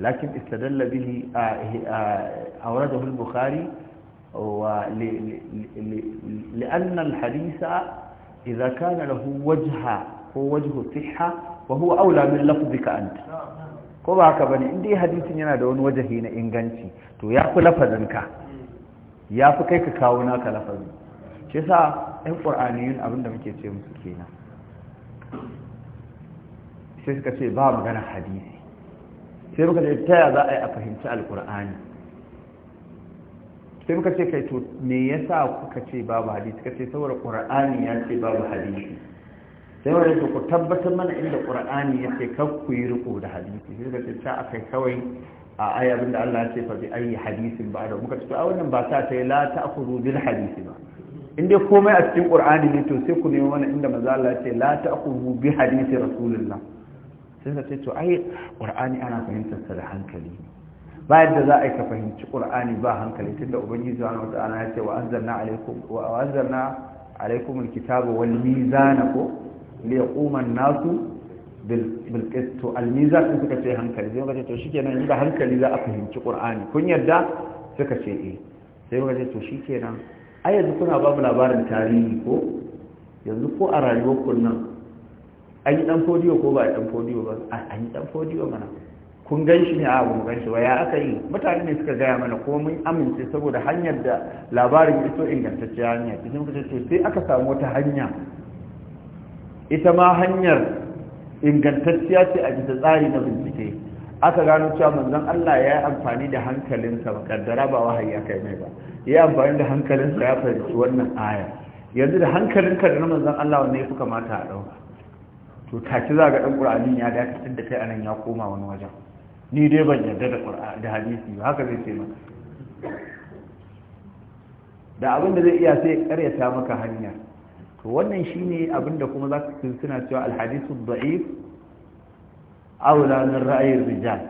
لكن استدل به آه، آه، آه، أورده البخاري لأن الحديث إذا كان له وجه هو وجه صحة وهو أولى من لفظك أنت ko ba haka bane indai hadisin yana da wani wajahi na inganci to ya fi kai ka kawo naka lafazin shi sa ɗan ƙwar'aniyun abinda muke ce musu kenan sai suka ce ba magana hadisi sai muka ce ta yaya za a yi a fahimci alƙwar'ani sai muka ce kai to me yasa kuka ce babu hadisi ka ce saboda ƙwar'ani ya ce babu hadisi sai wani su ku tabbatar mana inda ƙwar'ani ya ce kan ku yi riko da hadisi sai suka ce ta a kai kawai a ayi abin da Allah ya ce fa bi ayi hadisin ba da muka ce a wannan ba ta ta la ta bil hadisi ba in dai komai a cikin qur'ani ne to sai ku nemi mana inda manzo Allah ya ce la ta'khudhu bi hadisi rasulillah sai ka ce to ai qur'ani ana fahimtar sa da hankali ba yadda za a yi ka fahimci qur'ani ba hankali tunda ubangiji subhanahu wata'ala ya ce wa anzalna alaikum wa anzalna alaikum alkitaba wal mizana ko li yaquma an-nasu bilkis to almizan din suka ce hankali sai ka ce to shikenan inda hankali za a fahimci qur'ani kun yarda suka ce eh sai ka ce to shikenan a yanzu kuna ba mu labarin tarihi ko yanzu ko a rayuwar kunnan an yi dan fodiyo ko ba a dan fodiyo ba an yi dan fodiyo mana kun gan shi ne a abu gan shi ba ya aka yi mutane ne suka gaya mana ko mun amince saboda hanyar da labarin ya so ingantacce hanya cikin kusa ce sai aka samu wata hanya ita ma hanyar ingantacciya ce a bisa tsari na bincike aka gano cewa manzon Allah ya yi amfani da hankalinsa ba kaddara ba wahayi ya kai mai ba ya yi amfani da hankalinsa ya fahimci wannan aya yanzu da hankalinka da na manzon Allah wanne ya fi kamata a ɗauka to take za ga ɗan ƙur'anin ya dakatar da kai anan ya koma wani wajen ni dai ban yarda da da hadisi ba haka zai ce maka da abin da zai iya sai ƙaryata maka hanya to wannan shine abin da kuma za ka suna cewa alhadisu da'if aula min ra'ayin rijal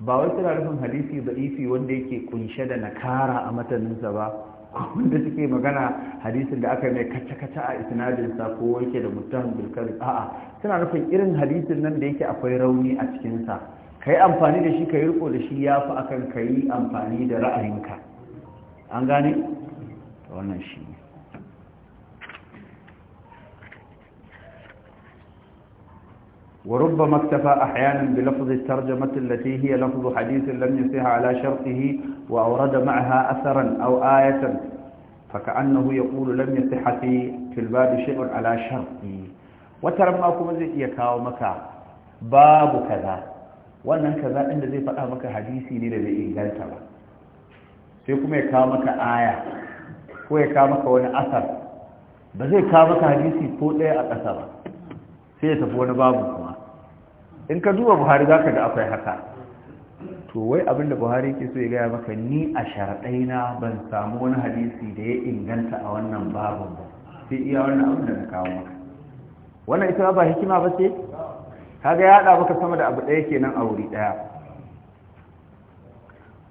ba wai suna nufin hadisi da ifi wanda yake kunshe da nakara a mataninsa ba wanda suke magana hadisin da aka mai kacce-kacce a sa ko wanke da mutum bilkar a'a suna nufin irin hadisin nan da yake akwai rauni a cikinsa ka yi amfani da shi ka yi riko da shi ya fi akan ka yi amfani da ra'ayinka an gane wannan shi ne وربما اكتفى أحيانا بلفظ الترجمة التي هي لفظ حديث لم يصح على شرطه وأورد معها أثرا أو آية فكأنه يقول لم يصح في الباب شيء على شرطي وترماكم زي يكاو باب كذا wannan kaza inda zai faɗa maka hadisi ne da bai inganta ba sai kuma ya kawo maka aya ko ya kawo maka wani asar ba zai kawo maka hadisi ko daya a ƙasa ba sai tafi wani babu in ka duba buhari za ka ga akwai haka to wai abinda buhari ke so ya gaya maka ni a sharaɗai na ban samu wani hadisi da ya inganta a wannan babin ba sai iya wannan abin da na kawo maka wannan ita ba hikima ba ce kaga ya haɗa maka sama da abu ɗaya kenan a wuri ɗaya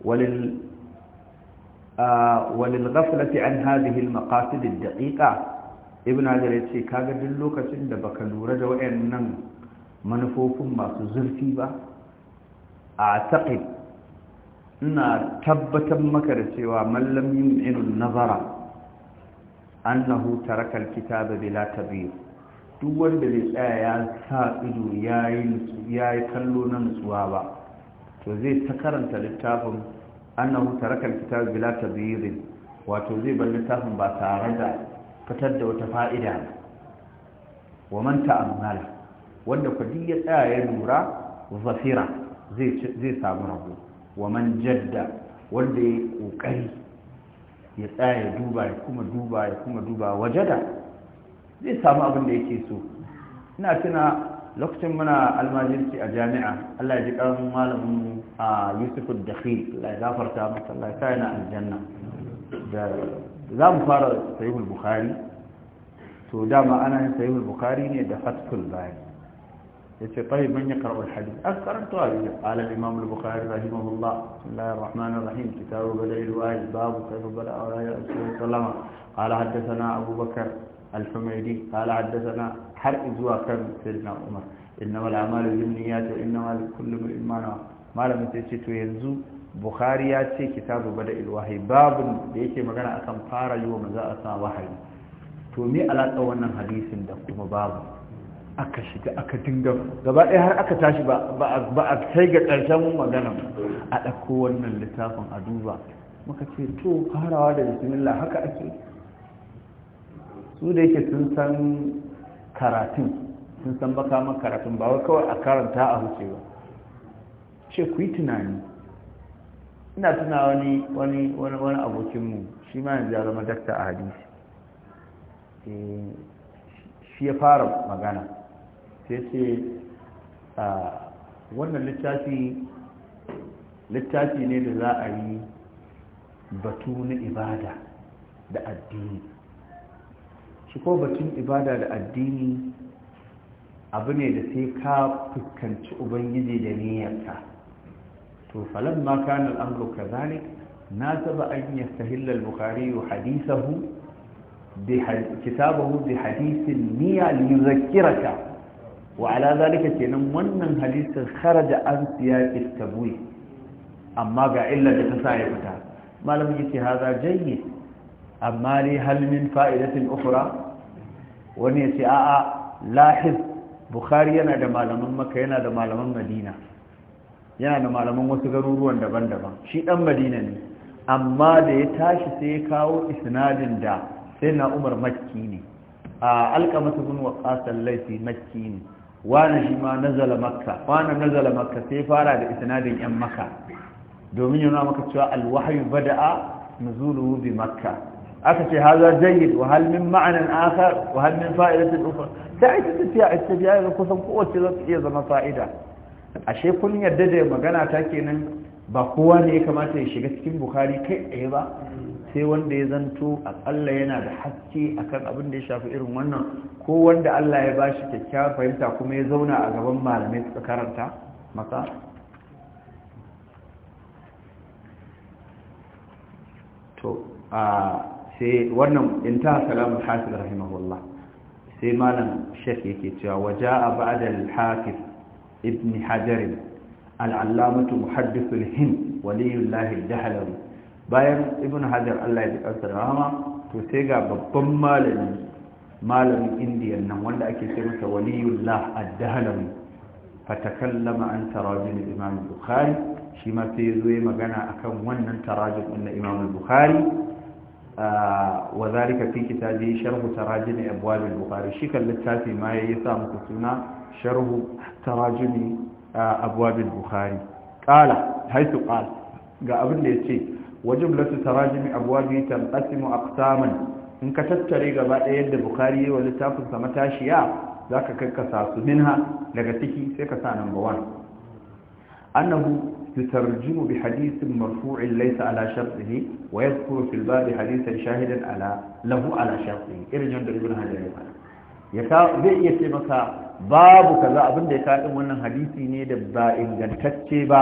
walil walil ghaflati an hadhihi al maqasid al daqiqa ibn hajar yace kaga duk lokacin da baka lura da wayannan manufofin masu zurfi ba a taƙi ina tabbatar maka da cewa mallam irin nazara annahu tarakal kitaba bilata biyu. duk wanda bai tsaya ya sa ido ya yi kallo na nutsuwa ba to zai ta karanta littafin annahu tarakal kitaba bila tabirin wato zai bar littafin ba tare da fitar da wata fa'ida ba wa man ta'ammala wanda kwadi ya tsaya ya lura zafira zai samu rabo wa man jadda wanda ya kokari ya tsaya ya duba ya kuma duba ya kuma duba wajada zai samu abin da yake so ina tuna lokacin muna almajirci a jami'a Allah ya ji karin malamin a Yusuf al-Dakhil Allah ya gafarta yana aljanna da za mu fara sahihul bukhari to dama ana yin sahihul bukhari ne da fathul baya. yace tayyib man ya qara al-hadith akaranta aliya qala al-imam al-bukhari rahimahullah bismillahir rahmanir rahim kitabu badil wa'id bab kitabu badil wa'id sallama qala hadathana abu bakr al-humaydi qala hadathana har izwa kan sayyidina umar innamal a'malu binniyat wa innamal kullu bil iman ma lam tace to yanzu bukhari yace kitabu badil babu bab da yake magana a kan fara yau maza a sa wahayi to me alaka wannan hadisin da kuma babu aka shiga aka dinga gaba ɗaya har aka tashi ba a kai ga ƙarshen magana a ɗauko wannan littafin a duba muka ce to farawa da bismillah haka ake su da yake sun san karatun sun san makaman karatun ba wai kawai a karanta a huce ba ce ku yi tunani ina tuna wani wani wani abokinmu shi ma yanzu ya zama dakta a hadisi eh, shi ya fara magana sai ce wannan littafi littafi ne da za a yi batu na ibada da addini shi ko batun ibada da addini abu ne da sai ka fuskanci ubangiji da niyyarka to falan ma kana al'amru kazalik na saba an yastahilla al-bukhari hadithahu bi kitabahu bi hadithin niyya li yuzakkiraka wa ala zalika kenan wannan hadisin kharaja an siyaqi tabwi amma ga illa da ta sa ya fita malamin yace haza jayyid amma li hal min fa'idatin ukhra wani yace a'a lahiz bukhari yana da malaman makka yana da malaman madina yana da malaman wasu garuruwan daban-daban shi dan madina ne amma da ya tashi sai ya kawo isnadin da sai na umar makki ne a alkamata bin waƙasar laifi makki ne wani shi ma nazala makka wani nazala makka sai fara da isnadin yan makka domin yana maka cewa alwahyu bada'a nuzuluhu bi makka aka ce haza jayyid wa hal min ma'anan akhar wa hal min fa'idatin ukhra sai ita tafiya ita tafiya ga kusan kowace za ta iya zama fa'ida ashe kun yarda da magana ta kenan ba kowa ne ya kamata ya shiga cikin bukhari kai ɗaya ba sai wanda ya zanto aƙalla yana da haske akan abin da ya shafi irin wannan ko wanda Allah ya bashi kyakkyawar fahimta kuma ya zauna a gaban malamai suka karanta masa to a sai wannan intaha salamun hafiz rahimahullah sai malam shek yake cewa waje a al-hafiz ibn hajar al-allamatu muhaddith al-hind waliyullah bayan ibn hajar allah ya ji ƙasar rama to sai ga babban malami malamin indiya nan wanda ake ce masa waliyullah ad-dahlawi fatakallama an tarajim imam bukhari shi ma sai zo ya magana akan wannan tarajim din na imam bukhari wa zalika fi kitabi sharh tarajim abwab al-bukhari shi kan littafi ma yayi sa muku suna sharhu tarajim abwab al-bukhari qala haythu qala ga abin da yace وجملة تراجم أبوابه تنقسم أقساما إن كتتري غباء يد بخاري ولتافن سمتاشيا ذاك كالكساس منها لغتكي سيكسا نمبوان أنه يترجم بحديث مرفوع ليس على شرطه ويذكر في الباب حديثا شاهدا على له على شرطه إرجع ابن هجر zai iya ce maka babu kaza abin da ya kaɗin wannan hadisi ne da ba ingantacce ba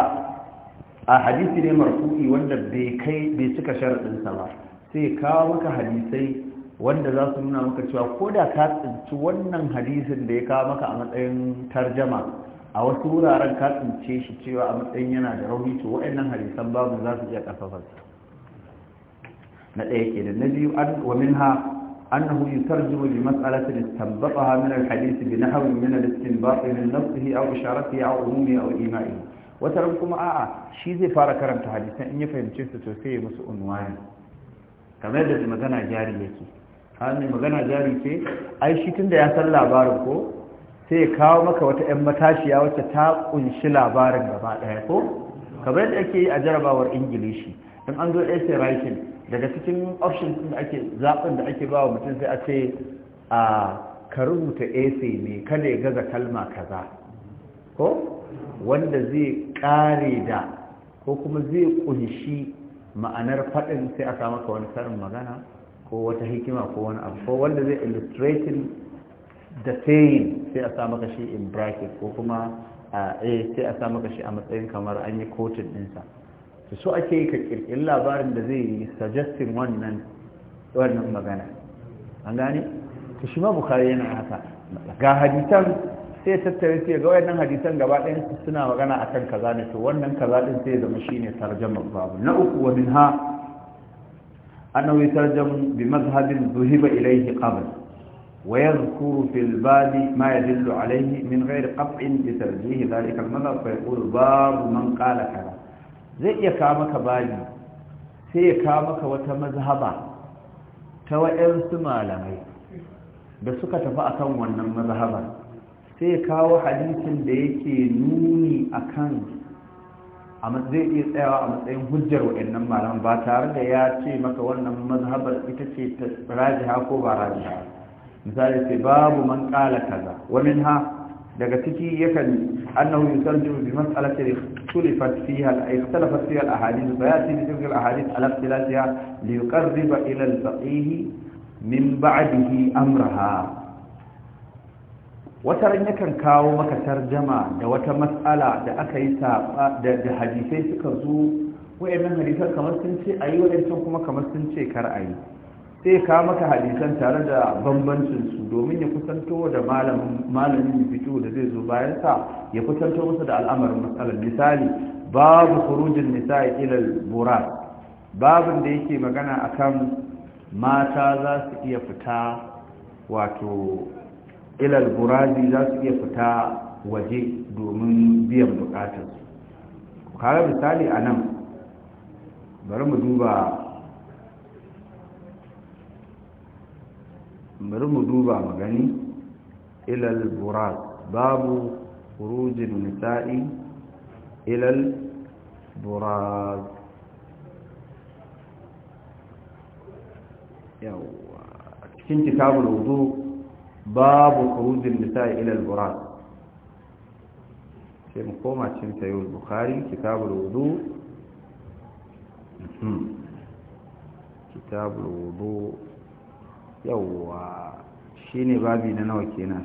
a hadisi ne marfu'i wanda bai kai bai cika sa ba sai kawo maka hadisai wanda za su nuna maka cewa ko da ka tsinci wannan hadisin da ya kawo maka a matsayin tarjama a wasu wuraren ka tsince shi cewa a matsayin yana da rauni to waɗannan hadisan babu za su iya ƙafafarsa na ɗaya ke da na biyu an wa minha أنه يترجم لمسألة استنبطها من الحديث بنحو من الاستنباط من نفسه أو إشارته أو عمومه أو إيمائه wata ran kuma a'a shi zai fara karanta hadisan in ya fahimce su to sai ya musu unwani kamar yadda magana jari yake hannun magana jari ce ai shi tunda ya san labarin ko sai ya kawo maka wata 'yan matashiya wacce ta kunshi labarin gaba ɗaya ko kamar yadda ake yi a jarabawar ingilishi don an zo essay writing daga cikin options da ake zaɓin da ake ba wa mutum sai a ce a ah, ka rubuta essay ne kada ya gaza kalma kaza ko wanda zai kare da ko kuma zai kunshi ma'anar faɗin sai a samu ka wani karin magana ko wata hikima ko wani abu ko wanda zai illustrating the saying sai a samu ka shi in bracket ko kuma a sai a samu ka shi a matsayin kamar an yi din ɗinsa to so ake yi ka kirkiri labarin da zai yi suggesting wannan wannan magana an gane To shi ma bukari yana haka ga hadisan sai tattare sai ga wayannan hadisan gaba ɗayan suna magana akan kaza ne to wannan kaza din sai zama shine tarjamar babu na uku wa minha annahu yatarjamu bi mazhabin zuhiba ilayhi qabl ma yadullu alayhi min يدل qat'in bi tarjih dhalika al ذلك fa yaqulu bab man qala kaza zai iya kawo maka bani. sai ya kawo maka wata mazhaba ta wa'yansu malamai da suka tafi akan wannan mazhabar sai ya kawo hadisin da yake nuni akan zai iya tsayawa a matsayin hujjar wa'annan malaman ba tare da ya ce maka wannan mazhabar ita ce ta rajiha ko ba rajiha misali sai babu man kala kaza wa ha daga ciki yakan annahu yusallu bi mas'alati ikhtalafat fiha ikhtalafat fiha al-ahadith fa yati bi tilka al-ahadith ala ikhtilafiha li yuqarriba ila al-faqih min ba'dihi amraha wata ran yakan kawo maka tarjama da wata matsala da aka yi da hadisai suka zo wayannan hadisan kamar sun ce ayi wayancan kuma kamar sun ce kar ayi sai ka maka hadisan tare da bambancin su domin ya kusanto da malamin malamin fito da zai zo bayan sa ya kusanto musu da al'amarin matsalar misali babu khurujin nisa ila al-burat babin da yake magana akan mata za su iya fita wato ilal burazi za su iya fita waje domin biyan bukatarsu kaga misali a nan bari mu duba bari mu duba magani ilal buraz babu kurujin nisa'i ilal buraz yawa cikin kitabul wudu باب خروج النساء الى البراد في مقومة شمسيو البخاري كتاب الوضوء كتاب الوضوء يو شيني بابي ننوى كينا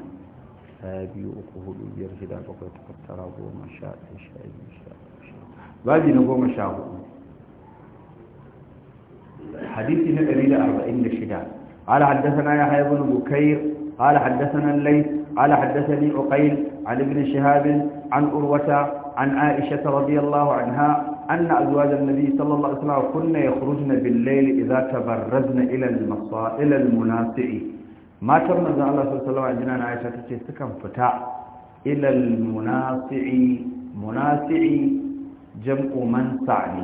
هابي وقهود يرهد فقط ترابو ما شاء بابي نقوم ما شاء حديثنا قليل أربعين لشدان على حدثنا يا حيبن بكير قال حدثنا الليث قال حدثني عقيل عن ابن شهاب عن أروة عن عائشة رضي الله عنها أن أزواج النبي صلى الله عليه وسلم كن يخرجن بالليل إذا تبرزن إلى المصا إلى المناسع ما تم الله صلى الله عليه وسلم عن عائشة تسكن فتاء إلى المناسع مناسع جمع منسعني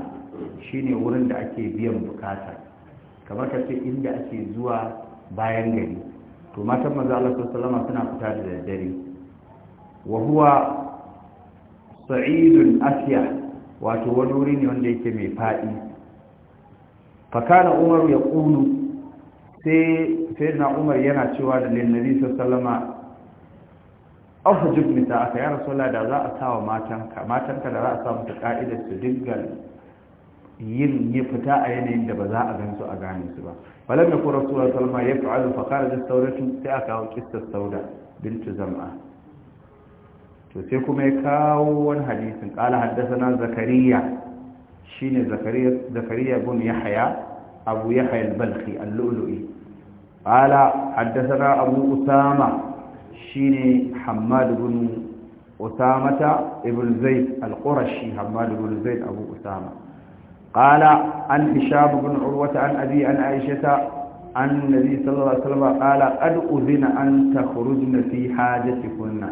shine wurin da ake biyan bukata kamar ka ce inda ake zuwa bayan gari to matan maza Allah suna fita da daddare Wahuwa huwa sa'idun asiya wato wani wuri ne wanda yake mai fadi fakana umar ya kulu sai na umar yana cewa da lillahi sallallahu alaihi wasallam aka ya rasulullah da za a sawa matanka matanka da za a sa ta ka'idar su dinga yin yi fita a yanayin da ba za a gan su a gane su ba falam ya kura sura salma ya fi alu fakara da sauratu sai aka kawo kistar sauda bintu zama to sai kuma ya kawo wani hadisin kala haddasa na zakariya shine zakariya zakariya bin yahya abu yahya al-balqi al-lu'lu'i qala haddathana abu usama shine hammad bin usamata ibn zaid al-qurashi hammad bin zaid abu usama قال عن هشام بن عروة عن أبي عن عائشة عن النبي صلى الله عليه وسلم قال قد أذن أن تخرجن في حاجتكن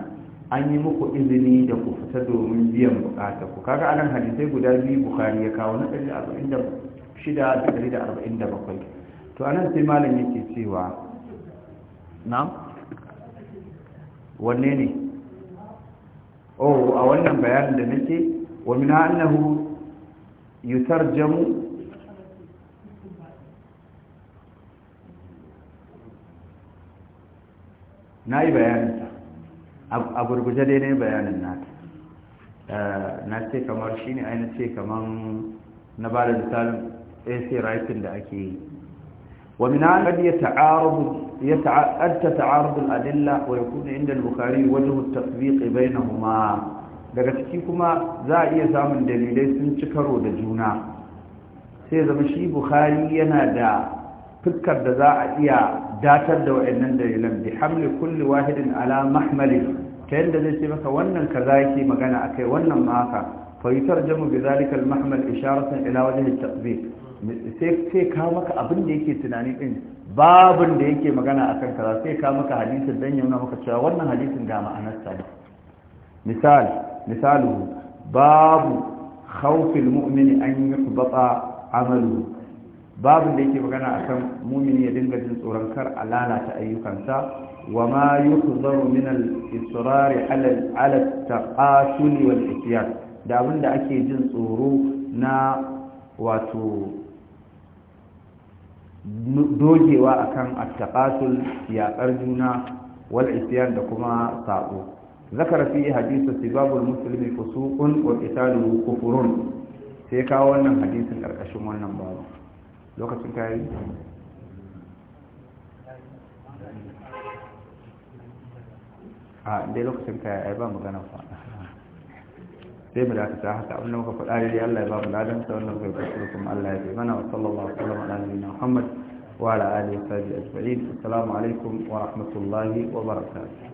an yi muku izini da ku fita domin biyan bukata ku kaga anan hadisai guda biyu bukari ya kawo na 146 da 147 to anan sai malam yake cewa na'am wanne ne oh a wannan bayanin da nake wa min annahu yutarjamu na yi gurguje dai ne bayanin nata eh, na ce kamar shi ne ainihin ce kamar na ba da misalin ac writing da ake yi wa mina qad yata'arabu yata'adda ta'arud al-adilla wa 'inda al-bukhari wajhu at-tatbiq bainahuma daga ciki kuma za a iya samun dalilai sun ci karo da juna sai zama shi bukhari yana da fuskar da za a iya datar da wa'annan dalilan bi hamli kulli wahidin ala mahmali ta yadda zai ce maka wannan kaza yake magana akai wannan ma haka fa yutarjamu bi zalika al mahmal isharatan ila wajhi al sai sai ka maka abin da yake tunani din babun da yake magana akan kaza sai ka maka hadisin dan yauna maka cewa wannan hadisin ga ma'anarsa misali misalu babu khawfil mu'mini an yuhbata amalu babu da yake magana akan mu'mini ya dinga jin tsoron kar a lalata ayyukansa wa ma yuhzaru min al-israr ala ala taqatul wal isyan da abinda ake jin tsoro na wato dogewa akan at-taqatul yaƙar juna wal isyan da kuma sabo ذكر فيه حديث سباب المسلم فسوق وقتاله كفر سي كاو wannan hadisin karkashin wannan babu lokacin kai ah da lokacin kai ai ba magana fa sai mu dakata haka abin da muka faɗa dai Allah ya babu ladan sa wannan gargaɗi kuma Allah ya bai mana wa sallallahu alaihi wa sallam ala nabiyina Muhammad wa ala alihi wa sahbihi ajma'in assalamu alaikum wa rahmatullahi wa barakatuh